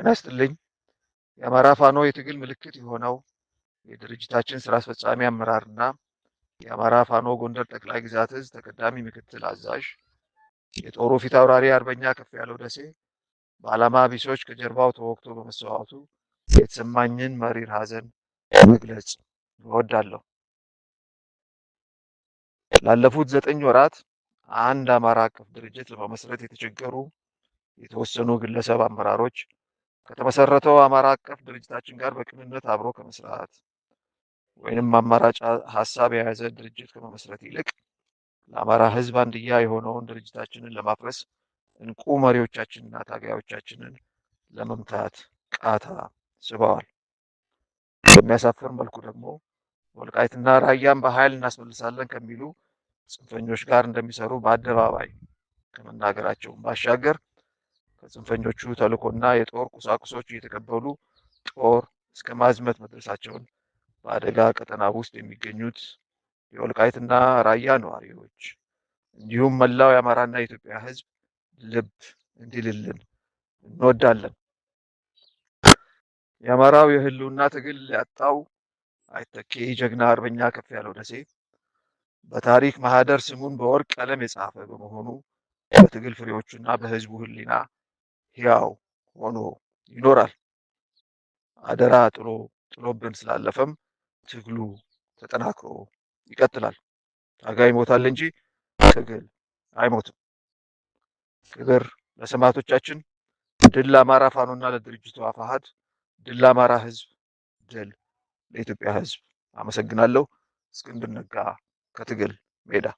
ጤና ይስጥልኝ። የአማራ ፋኖ የትግል ምልክት የሆነው የድርጅታችን ስራ አስፈጻሚ አመራርና የአማራ ፋኖ ጎንደር ጠቅላይ ግዛት እዝ ተቀዳሚ ምክትል አዛዥ የጦሩ ፊት አውራሪ አርበኛ ከፍ ያለው ደሴ በዓላማ ቢሶች ከጀርባው ተወቅቶ በመሰዋቱ የተሰማኝን መሪር ሐዘን መግለጽ እወዳለሁ። ላለፉት ዘጠኝ ወራት አንድ አማራ አቀፍ ድርጅት ለመመስረት የተቸገሩ የተወሰኑ ግለሰብ አመራሮች ከተመሰረተው አማራ አቀፍ ድርጅታችን ጋር በቅንነት አብሮ ከመስራት ወይንም አማራጭ ሀሳብ የያዘ ድርጅት ከመመስረት ይልቅ ለአማራ ሕዝብ አንድያ የሆነውን ድርጅታችንን ለማፍረስ እንቁ መሪዎቻችንና ታጋዮቻችንን ለመምታት ቃታ ስበዋል። በሚያሳፍር መልኩ ደግሞ ወልቃይትና ራያን በኃይል እናስመልሳለን ከሚሉ ጽንፈኞች ጋር እንደሚሰሩ በአደባባይ ከመናገራቸውን ባሻገር ከጽንፈኞቹ ተልእኮና የጦር ቁሳቁሶች እየተቀበሉ ጦር እስከ ማዝመት መድረሳቸውን በአደጋ ቀጠና ውስጥ የሚገኙት የወልቃይትና ራያ ነዋሪዎች እንዲሁም መላው የአማራና የኢትዮጵያ ሕዝብ ልብ እንዲልልን እንወዳለን። የአማራው የህልውና ትግል ያጣው አይተኬ ጀግና አርበኛ ከፍ ያለው ደሴ በታሪክ ማህደር ስሙን በወርቅ ቀለም የጻፈ በመሆኑ በትግል ፍሬዎቹና በህዝቡ ህሊና ያው ሆኖ ይኖራል። አደራ ጥሎ ጥሎብን ስላለፈም ትግሉ ተጠናክሮ ይቀጥላል። ታጋይ ይሞታል እንጂ ትግል አይሞትም። ክብር ለሰማዕቶቻችን። ድል ለአማራ ፋኖና ለድርጅቱ አፋሕድ። ድል ለአማራ ህዝብ። ድል ለኢትዮጵያ ህዝብ አመሰግናለሁ። እስክንድር ነጋ ከትግል ሜዳ